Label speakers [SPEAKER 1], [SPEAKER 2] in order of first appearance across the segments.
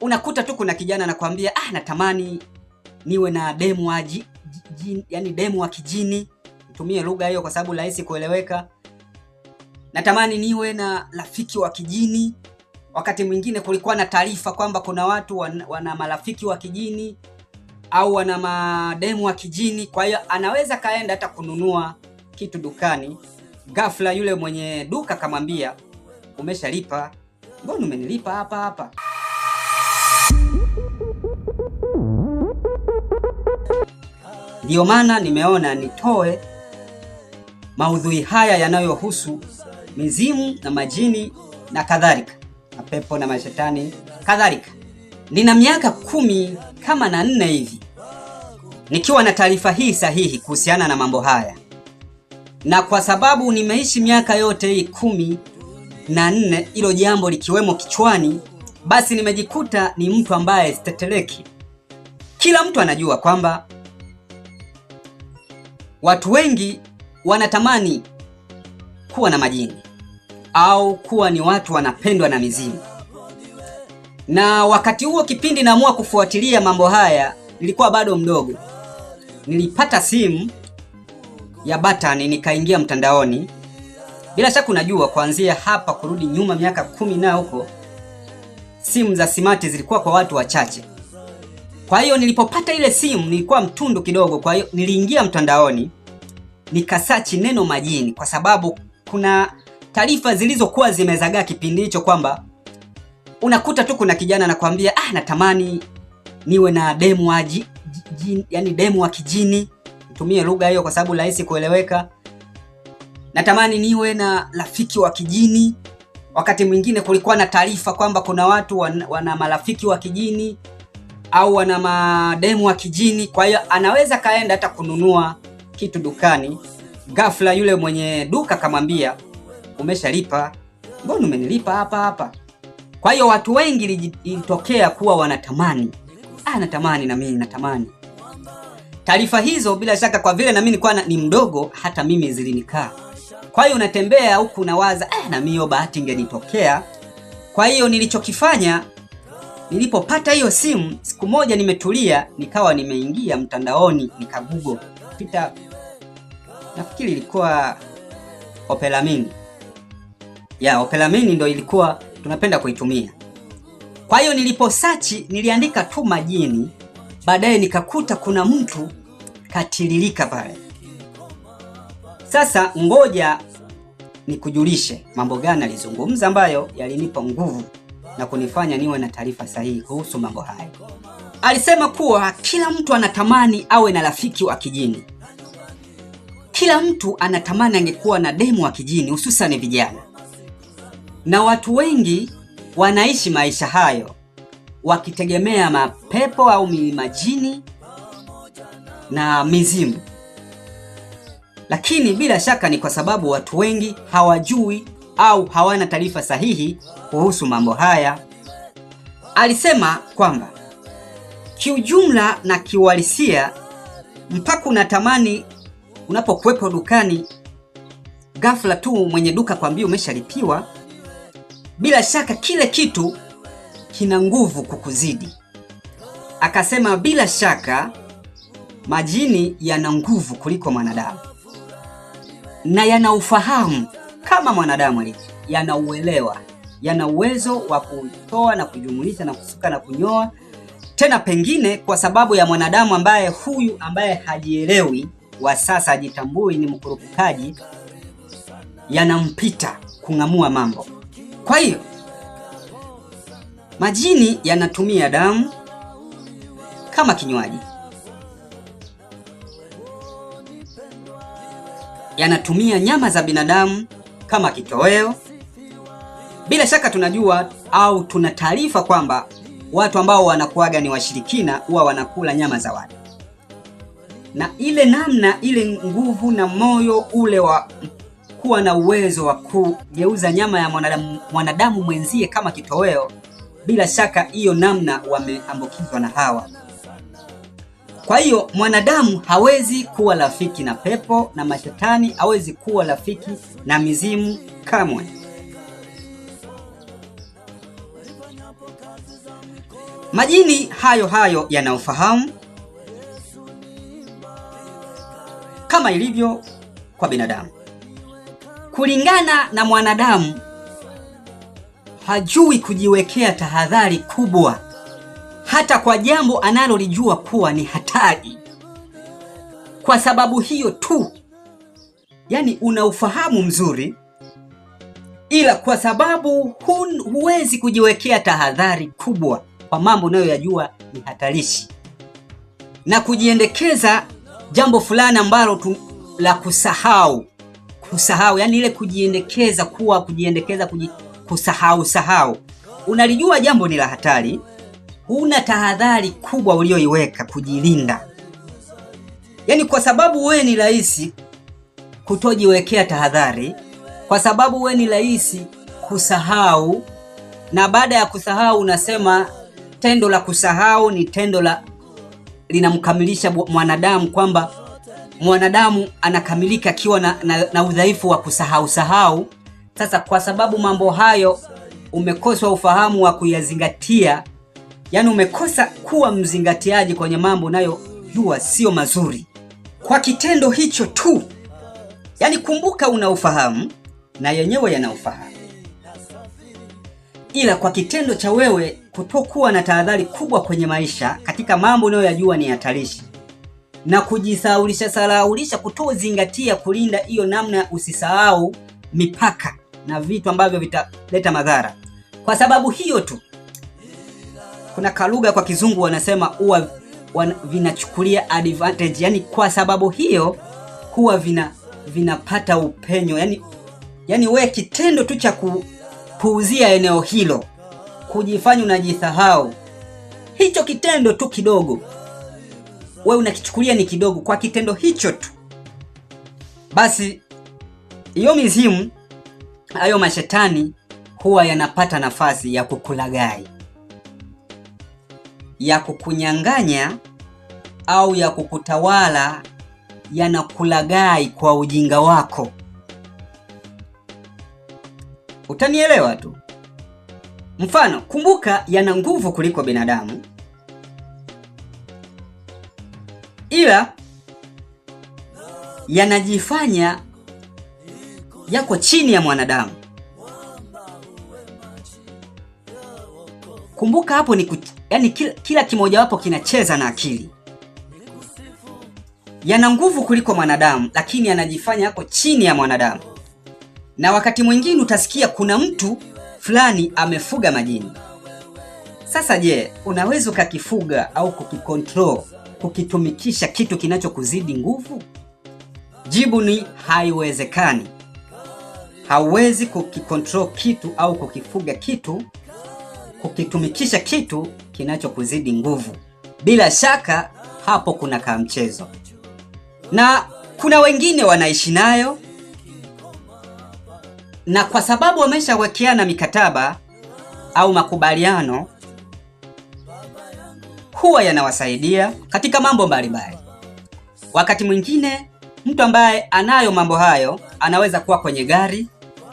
[SPEAKER 1] unakuta tu kuna kijana anakuambia ah, natamani niwe na demu aji, yani demu wa kijini, tumie lugha hiyo kwa sababu rahisi kueleweka. Natamani niwe na rafiki wa kijini. Wakati mwingine kulikuwa na taarifa kwamba kuna watu wana, wana marafiki wa kijini au wana mademu wa kijini. Kwa hiyo anaweza kaenda hata kununua kitu dukani, ghafla yule mwenye duka kamwambia, umeshalipa? Mbona umenilipa hapa hapa? Ndiyo maana nimeona nitoe maudhui haya yanayohusu mizimu na majini na kadhalika na pepo na mashetani kadhalika. Nina miaka kumi kama na nne hivi nikiwa na taarifa hii sahihi kuhusiana na mambo haya, na kwa sababu nimeishi miaka yote hii kumi na nne hilo jambo likiwemo kichwani, basi nimejikuta ni mtu ambaye siteteleki. Kila mtu anajua kwamba Watu wengi wanatamani kuwa na majini au kuwa ni watu wanapendwa na mizimu, na wakati huo kipindi naamua kufuatilia mambo haya, nilikuwa bado mdogo. Nilipata simu ya batani, nikaingia mtandaoni. Bila shaka unajua, kuanzia hapa kurudi nyuma miaka kumi na huko, simu za simati zilikuwa kwa watu wachache. Kwa hiyo nilipopata ile simu nilikuwa mtundu kidogo, kwa hiyo niliingia mtandaoni nikasachi neno majini, kwa sababu kuna taarifa zilizokuwa zimezagaa kipindi hicho kwamba unakuta tu kuna kijana anakuambia ah, natamani niwe na demu wa yani demu wa kijini, nitumie lugha hiyo kwa sababu rahisi kueleweka. Natamani niwe na rafiki wa kijini. Wakati mwingine kulikuwa na taarifa kwamba kuna watu wana, wana marafiki wa kijini au ana mademu wa kijini. Kwa hiyo anaweza kaenda hata kununua kitu dukani, ghafla yule mwenye duka kamwambia umeshalipa, mbona umenilipa hapa hapa? Kwa hiyo watu wengi ilitokea kuwa wanatamani, ah, natamani na mimi natamani. Taarifa hizo bila shaka, kwa vile na mimi nilikuwa ni mdogo, hata mimi zilinikaa. Kwa hiyo unatembea huku unawaza, eh, ah, na mimi hiyo bahati ingenitokea. Kwa hiyo nilichokifanya Nilipopata hiyo simu, siku moja nimetulia, nikawa nimeingia mtandaoni nika Google pita, nafikiri ilikuwa Opera ya Opera ndo ndio ilikuwa tunapenda kuitumia. Kwa hiyo nilipo search niliandika tu majini, baadaye nikakuta kuna mtu katiririka pale. Sasa ngoja nikujulishe mambo gani alizungumza ambayo yalinipa nguvu na kunifanya niwe na taarifa sahihi kuhusu mambo hayo. Alisema kuwa kila mtu anatamani awe na rafiki wa kijini. Kila mtu anatamani angekuwa na demu wa kijini, hususani vijana, na watu wengi wanaishi maisha hayo wakitegemea mapepo au majini na mizimu, lakini bila shaka ni kwa sababu watu wengi hawajui au hawana taarifa sahihi kuhusu mambo haya. Alisema kwamba kiujumla na kiuhalisia, mpaka unatamani unapokuwepo dukani, ghafla tu mwenye duka kwambia umeshalipiwa. Bila shaka kile kitu kina nguvu kukuzidi. Akasema bila shaka majini yana nguvu kuliko mwanadamu na yana ufahamu kama mwanadamu alivyo, yanauelewa, yana uwezo wa kutoa na kujumuisha na kusuka na kunyoa. Tena pengine kwa sababu ya mwanadamu ambaye huyu ambaye hajielewi wa sasa, hajitambui, ni mkurupukaji, yanampita kung'amua mambo. Kwa hiyo majini yanatumia damu kama kinywaji, yanatumia nyama za binadamu kama kitoweo. Bila shaka tunajua au tuna taarifa kwamba watu ambao wanakuaga ni washirikina huwa wanakula nyama za watu, na ile namna ile nguvu na moyo ule wa kuwa na uwezo wa kugeuza nyama ya mwanadamu, mwanadamu mwenzie kama kitoweo, bila shaka hiyo namna wameambukizwa na hawa kwa hiyo mwanadamu hawezi kuwa rafiki na pepo na mashetani, hawezi kuwa rafiki na mizimu kamwe. Majini hayo hayo yana ufahamu kama ilivyo kwa binadamu. Kulingana na mwanadamu hajui kujiwekea tahadhari kubwa hata kwa jambo analolijua kuwa ni hatari. Kwa sababu hiyo tu, yani una ufahamu mzuri, ila kwa sababu hun, huwezi kujiwekea tahadhari kubwa kwa mambo unayoyajua ni hatarishi na kujiendekeza jambo fulani ambalo tu la kusahau kusahau, yani ile kujiendekeza kuwa kujiendekeza kuji, kusahau sahau. Unalijua jambo ni la hatari, huna tahadhari kubwa ulioiweka kujilinda, yaani kwa sababu wewe ni rahisi kutojiwekea tahadhari, kwa sababu wewe ni rahisi kusahau, na baada ya kusahau unasema tendo la kusahau ni tendo la linamkamilisha mwanadamu, kwamba mwanadamu anakamilika akiwa na, na, na udhaifu wa kusahau sahau. Sasa kwa sababu mambo hayo umekoswa ufahamu wa kuyazingatia yaani umekosa kuwa mzingatiaji kwenye mambo unayojua sio mazuri kwa kitendo hicho tu. Yaani kumbuka, unaufahamu na yenyewe yanaufahamu, ila kwa kitendo cha wewe kutokuwa na tahadhari kubwa kwenye maisha katika mambo unayoyajua ni hatarishi na kujisahaulisha saraulisha, kutozingatia kulinda hiyo namna, usisahau mipaka na vitu ambavyo vitaleta madhara. Kwa sababu hiyo tu kuna kalugha kwa kizungu wanasema huwa wan, vinachukulia advantage, yani kwa sababu hiyo huwa vina vinapata upenyo, yani yani we kitendo tu cha kupuuzia eneo hilo, kujifanya unajisahau, hicho kitendo tu kidogo we unakichukulia ni kidogo, kwa kitendo hicho tu basi hiyo mizimu, hayo mashetani huwa yanapata nafasi ya kukulagai ya kukunyang'anya au ya kukutawala yanakulagai kwa ujinga wako. Utanielewa tu. Mfano, kumbuka yana nguvu kuliko binadamu, ila yanajifanya yako chini ya mwanadamu. Kumbuka hapo ni yani kila, kila kimojawapo kinacheza na akili. Yana nguvu kuliko mwanadamu, lakini yanajifanya yako chini ya mwanadamu, na wakati mwingine utasikia kuna mtu fulani amefuga majini. Sasa je, unaweza ukakifuga au kukikontrol kukitumikisha kitu kinachokuzidi nguvu? Jibu ni haiwezekani. Hauwezi kukikontrol kitu au kukifuga kitu kukitumikisha kitu kinachokuzidi nguvu. Bila shaka hapo kuna kaa mchezo, na kuna wengine wanaishi nayo, na kwa sababu wameshawekeana mikataba au makubaliano, huwa yanawasaidia katika mambo mbalimbali. Wakati mwingine mtu ambaye anayo mambo hayo anaweza kuwa kwenye gari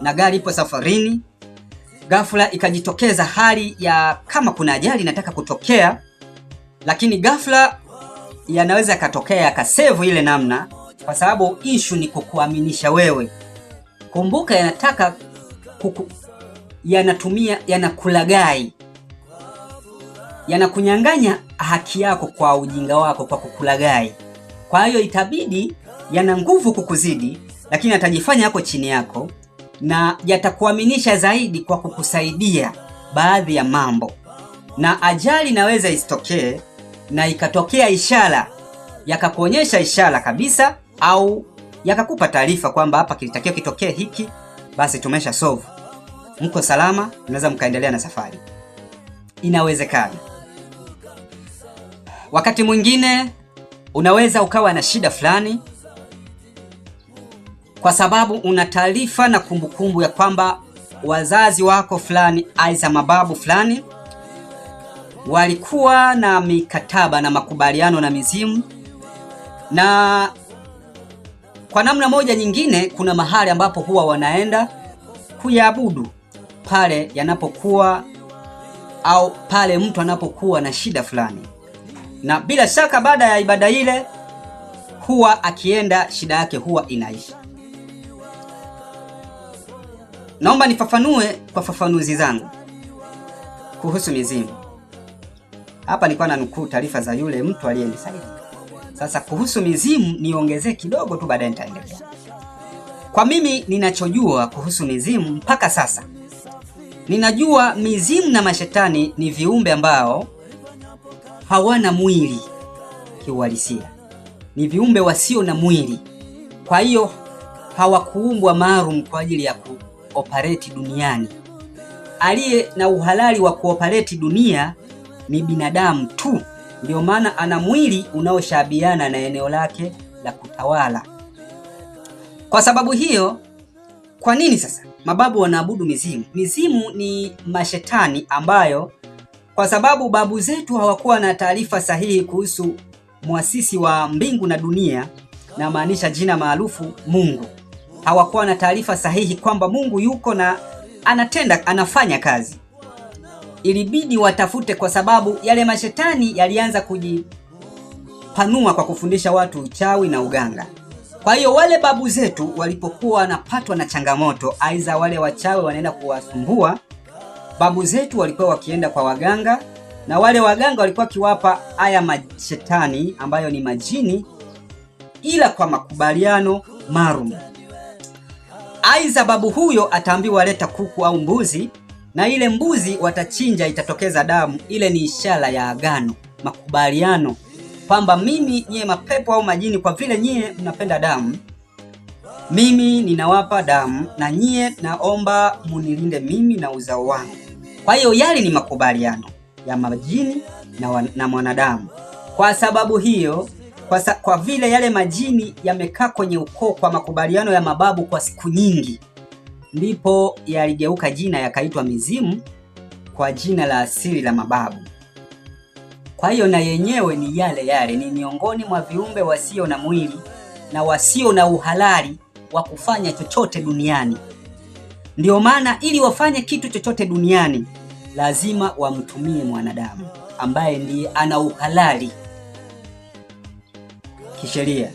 [SPEAKER 1] na gari ipo safarini ghafla ikajitokeza hali ya kama kuna ajali inataka kutokea, lakini ghafla yanaweza yakatokea yakasevu ile namna, kwa sababu ishu ni kukuaminisha wewe. Kumbuka yanataka kuku, yanatumia yanakulagai, yanakunyang'anya haki yako kwa ujinga wako, kwa kukulagai. Kwa hiyo itabidi yana nguvu kukuzidi, lakini atajifanya yako chini yako na yatakuaminisha zaidi kwa kukusaidia baadhi ya mambo. Na ajali inaweza isitokee na ikatokea ishara, yakakuonyesha ishara kabisa, au yakakupa taarifa kwamba hapa kilitakiwa kitokee hiki, basi tumesha solve, mko salama, mnaweza mkaendelea na safari. Inawezekana. Wakati mwingine unaweza ukawa na shida fulani kwa sababu una taarifa na kumbukumbu ya kwamba wazazi wako fulani, aiza mababu fulani, walikuwa na mikataba na makubaliano na mizimu, na kwa namna moja nyingine, kuna mahali ambapo huwa wanaenda kuyaabudu pale yanapokuwa au pale mtu anapokuwa na shida fulani, na bila shaka baada ya ibada ile huwa akienda, shida yake huwa inaisha. Naomba nifafanue kwa fafanuzi zangu kuhusu mizimu. Hapa nilikuwa na nukuu taarifa za yule mtu aliyenisaidia. Sasa kuhusu mizimu niongezee kidogo tu, baadaye nitaendelea. Kwa mimi ninachojua kuhusu mizimu mpaka sasa, ninajua mizimu na mashetani ni viumbe ambao hawana mwili kiuhalisia, ni viumbe wasio na mwili, kwa hiyo hawakuumbwa maalum kwa ajili ya ku kuopareti duniani. Aliye na uhalali wa kuoperate dunia ni binadamu tu, ndio maana ana mwili unaoshabiana na eneo lake la kutawala. Kwa sababu hiyo, kwa nini sasa mababu wanaabudu mizimu? Mizimu ni mashetani ambayo kwa sababu babu zetu hawakuwa na taarifa sahihi kuhusu mwasisi wa mbingu na dunia, na maanisha jina maarufu Mungu hawakuwa na taarifa sahihi kwamba Mungu yuko na anatenda anafanya kazi. Ilibidi watafute, kwa sababu yale mashetani yalianza kujipanua kwa kufundisha watu uchawi na uganga. Kwa hiyo wale babu zetu walipokuwa wanapatwa na changamoto, aidha wale wachawi wanaenda kuwasumbua babu zetu, walikuwa wakienda kwa waganga na wale waganga walikuwa wakiwapa haya mashetani ambayo ni majini, ila kwa makubaliano maalum. Aidha, babu huyo ataambiwa leta kuku au mbuzi, na ile mbuzi watachinja itatokeza damu. Ile ni ishara ya agano, makubaliano kwamba mimi nyie mapepo au majini, kwa vile nyie mnapenda damu, mimi ninawapa damu na nyie naomba munilinde mimi na uzao wangu. Kwa hiyo yale ni makubaliano ya majini na, na mwanadamu. Kwa sababu hiyo kwa, sa, kwa vile yale majini yamekaa kwenye ukoo kwa makubaliano ya mababu kwa siku nyingi, ndipo yaligeuka jina yakaitwa mizimu kwa jina la asili la mababu. Kwa hiyo na yenyewe ni yale yale, ni miongoni mwa viumbe wasio na mwili na wasio na uhalali wa kufanya chochote duniani. Ndiyo maana ili wafanye kitu chochote duniani lazima wamtumie mwanadamu ambaye ndiye ana uhalali kisheria.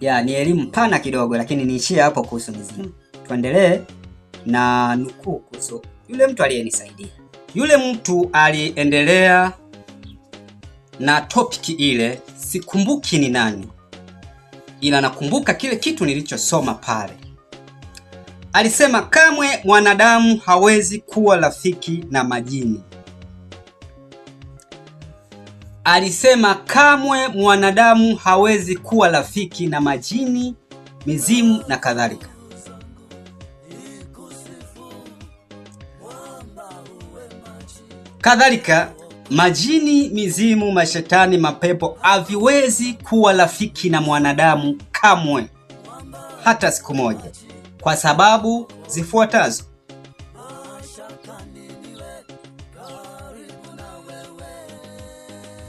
[SPEAKER 1] Ya, ni elimu pana kidogo lakini niishie hapo kuhusu mizimu. Tuendelee na nukuu kuhusu yule mtu aliyenisaidia. Yule mtu aliendelea na topiki ile, sikumbuki ni nani, ila nakumbuka kile kitu nilichosoma pale. Alisema kamwe mwanadamu hawezi kuwa rafiki na majini alisema kamwe mwanadamu hawezi kuwa rafiki na majini, mizimu na kadhalika. Kadhalika, majini, mizimu, mashetani, mapepo haviwezi kuwa rafiki na mwanadamu kamwe, hata siku moja, kwa sababu zifuatazo.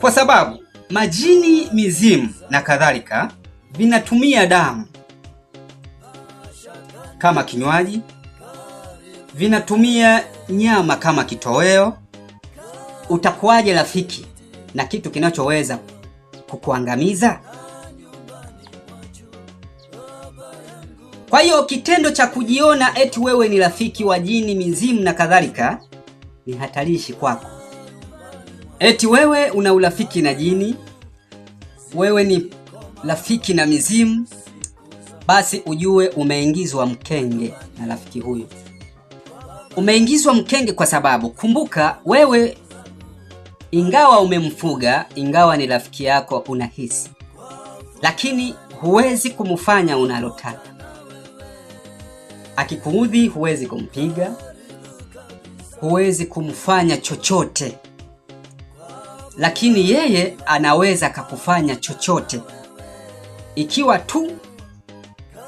[SPEAKER 1] kwa sababu majini, mizimu na kadhalika vinatumia damu kama kinywaji, vinatumia nyama kama kitoweo. Utakuwaje rafiki na kitu kinachoweza kukuangamiza? Kwa hiyo kitendo cha kujiona eti wewe ni rafiki wa jini, mizimu na kadhalika ni hatarishi kwako. Eti wewe una urafiki na jini, wewe ni rafiki na mizimu, basi ujue umeingizwa mkenge na rafiki huyo Umeingizwa mkenge kwa sababu kumbuka, wewe ingawa umemfuga, ingawa ni rafiki yako, unahisi lakini huwezi kumfanya unalotaka. Akikuudhi huwezi kumpiga, huwezi kumfanya chochote lakini yeye anaweza kakufanya chochote ikiwa tu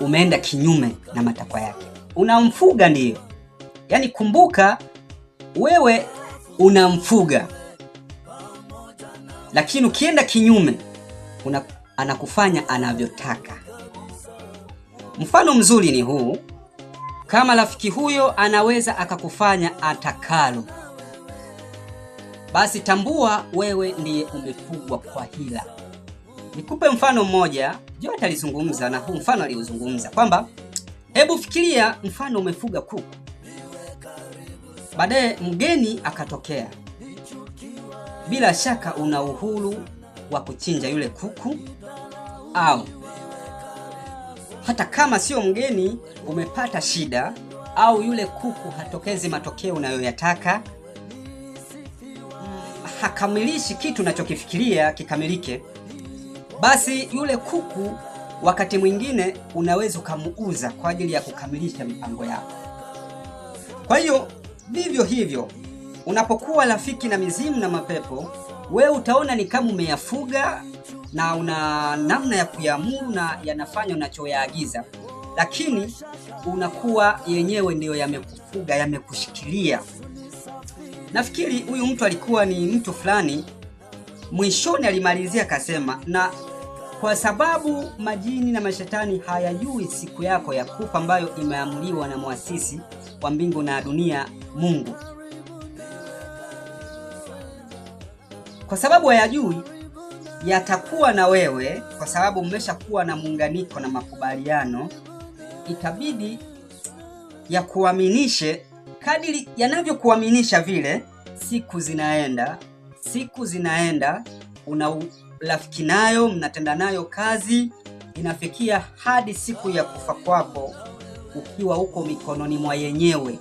[SPEAKER 1] umeenda kinyume na matakwa yake. Unamfuga ndiyo, yaani kumbuka, wewe unamfuga, lakini ukienda kinyume una, anakufanya anavyotaka. Mfano mzuri ni huu, kama rafiki huyo anaweza akakufanya atakalo basi tambua wewe ndiye umefugwa kwa hila. Nikupe mfano mmoja, Jote alizungumza na huu mfano aliozungumza kwamba hebu fikiria mfano umefuga kuku, baadaye mgeni akatokea. Bila shaka una uhuru wa kuchinja yule kuku, au hata kama sio mgeni, umepata shida au yule kuku hatokezi matokeo unayoyataka hakamilishi kitu unachokifikiria kikamilike, basi yule kuku wakati mwingine unaweza ukamuuza kwa ajili ya kukamilisha mipango yako. Kwa hiyo vivyo hivyo unapokuwa rafiki na mizimu na mapepo, wewe utaona ni kama umeyafuga na una namna ya kuyamuru na yanafanya unachoyaagiza, lakini unakuwa yenyewe ndiyo yamekufuga, yamekushikilia. Nafikiri huyu mtu alikuwa ni mtu fulani, mwishoni alimalizia akasema, na kwa sababu majini na mashetani hayajui siku yako ya kufa ambayo imeamuliwa na mwasisi wa mbingu na dunia, Mungu. Kwa sababu hayajui, yatakuwa na wewe, kwa sababu mmeshakuwa na muunganiko na makubaliano, itabidi ya kuaminishe kadiri yanavyokuaminisha vile, siku zinaenda, siku zinaenda, una rafiki nayo, mnatenda nayo kazi, inafikia hadi siku ya kufa kwako ukiwa huko mikononi mwa yenyewe.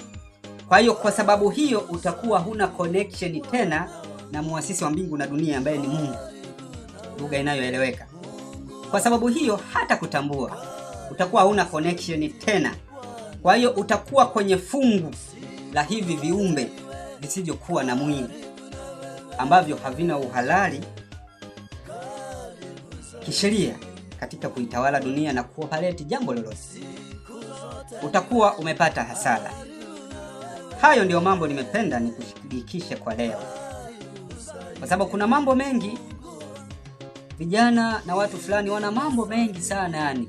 [SPEAKER 1] Kwa hiyo kwa sababu hiyo utakuwa huna connection tena na muasisi wa mbingu na dunia ambaye ni Mungu, lugha inayoeleweka. Kwa sababu hiyo hata kutambua utakuwa huna connection tena, kwa hiyo utakuwa kwenye fungu la hivi viumbe visivyokuwa na mwili ambavyo havina uhalali kisheria katika kuitawala dunia na kuopareti jambo lolote, utakuwa umepata hasara. Hayo ndiyo mambo nimependa nikushirikishe kwa leo, kwa sababu kuna mambo mengi vijana na watu fulani wana mambo mengi sana, yani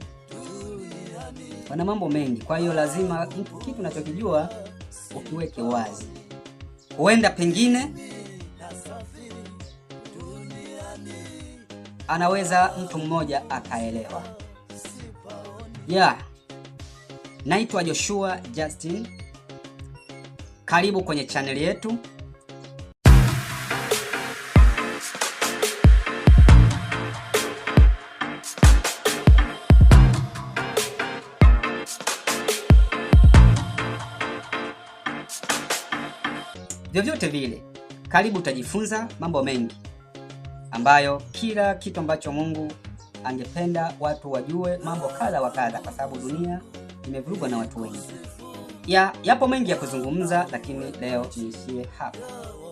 [SPEAKER 1] wana mambo mengi. Kwa hiyo lazima kitu nachokijua ukiweke wazi. Huenda pengine anaweza mtu mmoja akaelewa. Yeah. Naitwa Joshua Justin. Karibu kwenye chaneli yetu. Vyovyote vile, karibu utajifunza mambo mengi ambayo kila kitu ambacho Mungu angependa watu wajue mambo kadha wa kadha, kwa sababu dunia imevurugwa na watu wengi. Ya, yapo mengi ya kuzungumza, lakini leo niishie hapa.